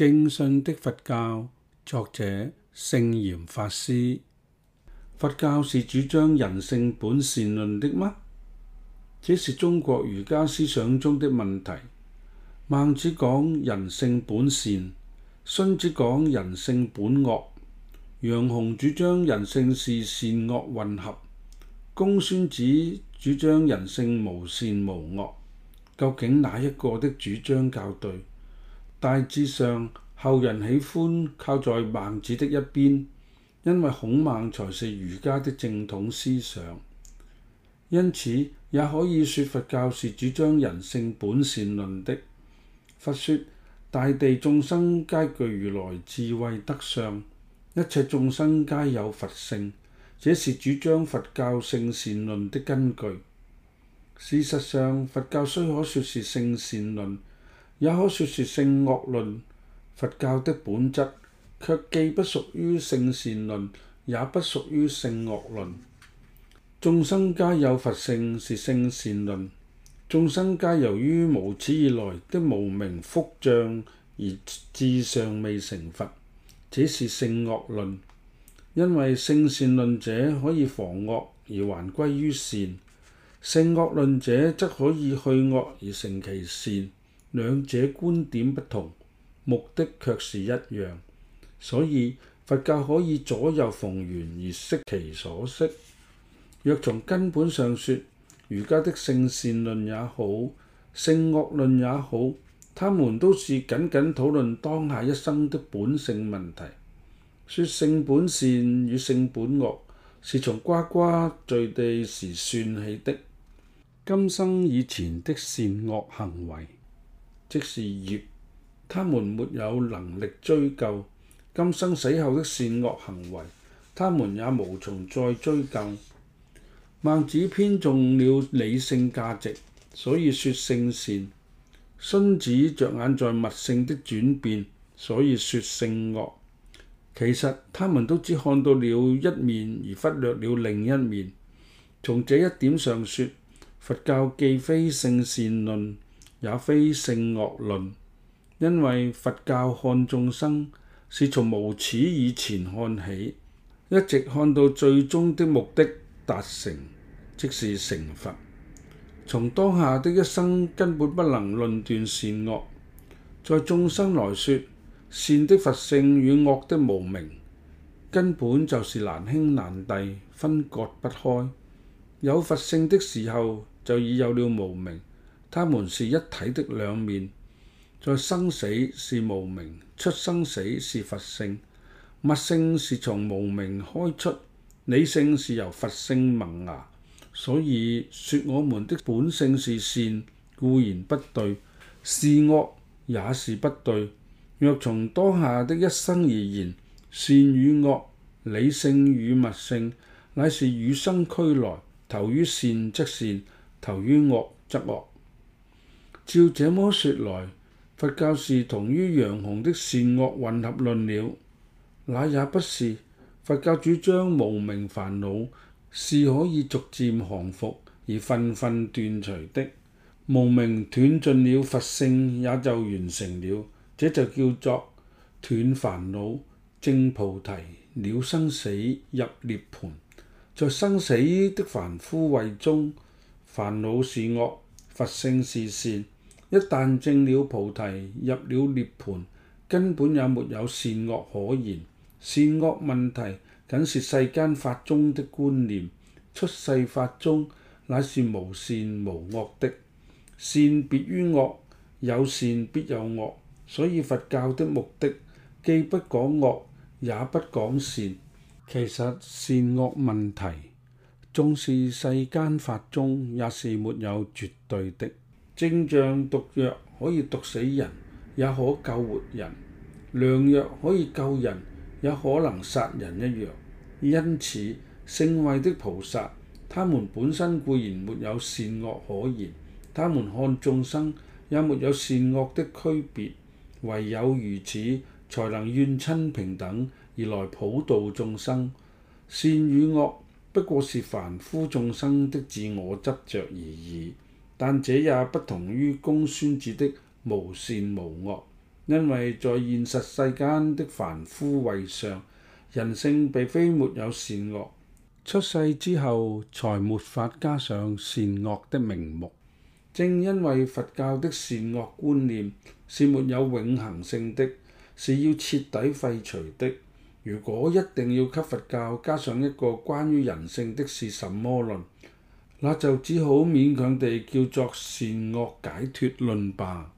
正信的佛教，作者聖嚴法師。佛教是主張人性本善論的嗎？這是中國儒家思想中的問題。孟子講人性本善，荀子講人性本惡，楊雄主張人性是善惡混合，公孫子主張人性無善無惡，究竟哪一個的主張較對？大致上，後人喜歡靠在孟子的一邊，因為孔孟才是儒家的正統思想。因此，也可以說佛教是主張人性本善論的。佛說大地眾生皆具如來智慧德相，一切眾生皆有佛性，這是主張佛教性善論的根據。事實上，佛教雖可說是性善論。也可說是性惡論，佛教的本質卻既不屬於性善論，也不屬於性惡論。眾生皆有佛性是性善論，眾生皆由於無始以來的無明覆障而至尚未成佛，這是性惡論。因為性善論者可以防惡而還歸於善，性惡論者則可以去惡而成其善。兩者觀點不同，目的卻是一樣，所以佛教可以左右逢源而識其所識。若從根本上說，儒家的性善論也好，性惡論也好，他們都是僅僅討論當下一生的本性問題，說性本善與性本惡，是從呱呱墜地時算起的今生以前的善惡行為。即是業，他們沒有能力追究今生死後的善惡行為，他們也無從再追究。孟子偏重了理性價值，所以說性善；荀子着眼在物性的轉變，所以說性惡。其實他們都只看到了一面，而忽略了另一面。從這一點上說，佛教既非性善論。也非性惡論，因為佛教看眾生，是從無始以前看起，一直看到最終的目的達成，即是成佛。從當下的一生根本不能論斷善惡，在眾生來說，善的佛性與惡的無明，根本就是難兄難弟，分割不開。有佛性的時候，就已有了無明。他們是一體的兩面，在生死是無明，出生死是佛性。物性是從無明開出，理性是由佛性萌芽。所以說我們的本性是善，固然不對；是惡也是不對。若從當下的一生而言，善與惡、理性與物性，乃是與生俱來，投於善即善，投於惡則惡。照這麼說來，佛教是同於楊雄的善惡混合論了？那也不是，佛教主張無明煩惱是可以逐漸降伏而分分斷除的。無明斷盡了，佛性也就完成了。這就叫做斷煩惱證菩提，了生死，入涅槃。在生死的凡夫位中，煩惱是惡，佛性是善。一旦證了菩提，入了涅槃，根本也沒有善惡可言。善惡問題僅是世間法中的觀念，出世法中乃是無善無惡的。善別於惡，有善必有惡，所以佛教的目的既不講惡，也不講善。其實善惡問題，縱是世間法中，也是沒有絕對的。正像毒藥可以毒死人，也可救活人；良藥可以救人，也可能殺人一樣。因此，聖位的菩薩，他們本身固然沒有善惡可言，他們看眾生也沒有善惡的區別，唯有如此，才能怨親平等而來普度眾生。善與惡不過是凡夫眾生的自我執著而已。但這也不同於公孫子的無善無惡，因為在現實世間的凡夫位上，人性並非沒有善惡，出世之後才沒法加上善惡的名目。正因為佛教的善惡觀念是沒有永恆性的，是要徹底廢除的。如果一定要給佛教加上一個關於人性的是什麼論？那就只好勉強地叫做善惡解脫論吧。